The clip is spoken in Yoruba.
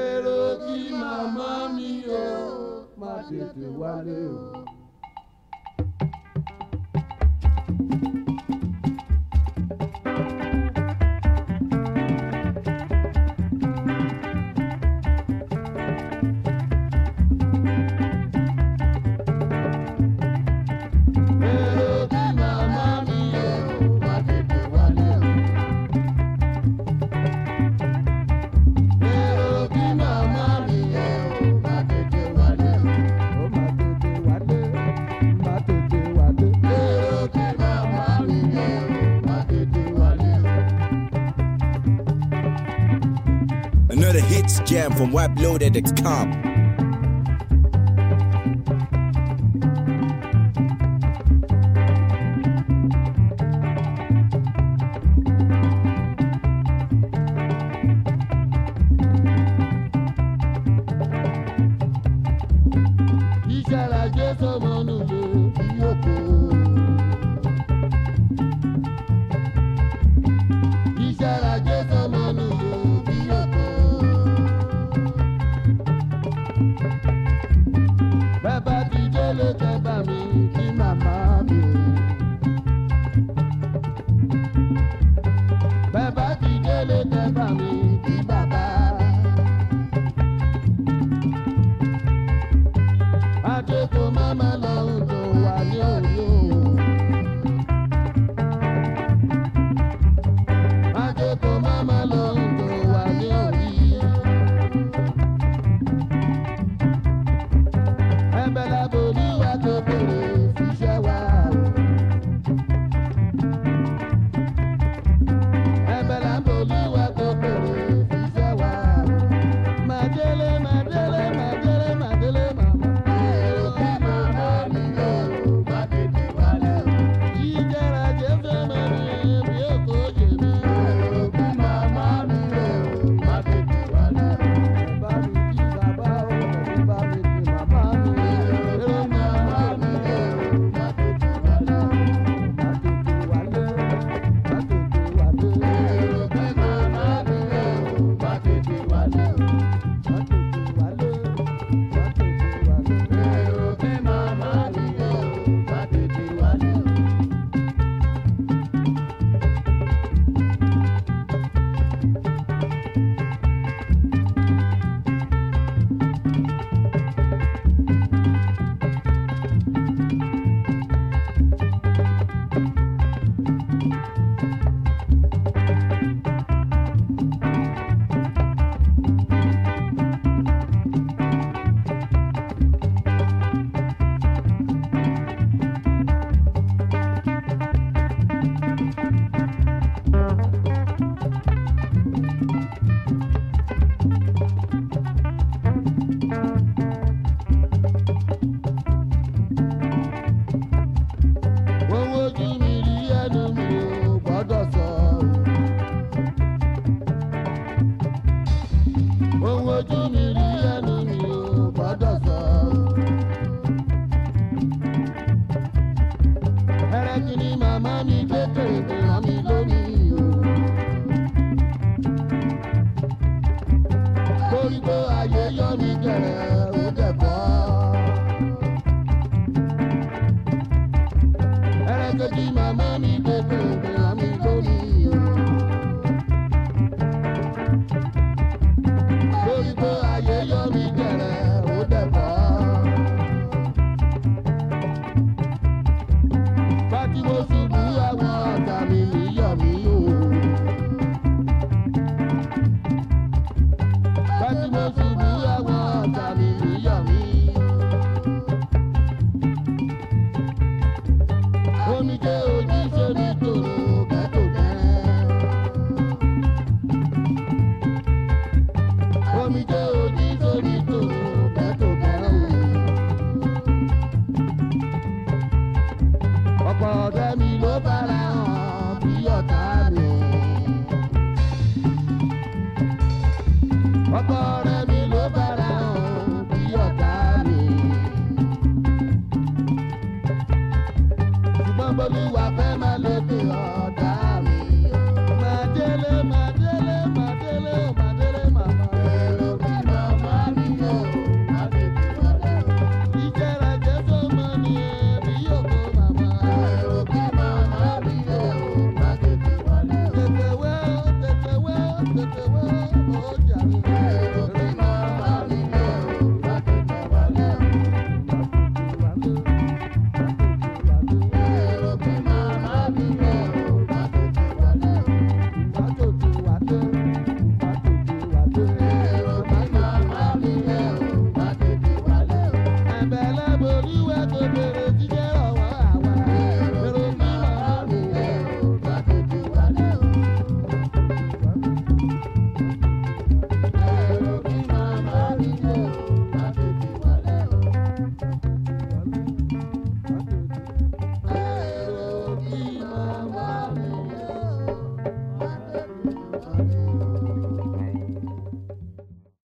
èrò kí màmá mi yóò má tètè wálé o. The hits jam from Wap Loaded gbọ́ ayé yọ ní gẹ̀rẹ́. Olúwa fẹ́ máa lọ. thank you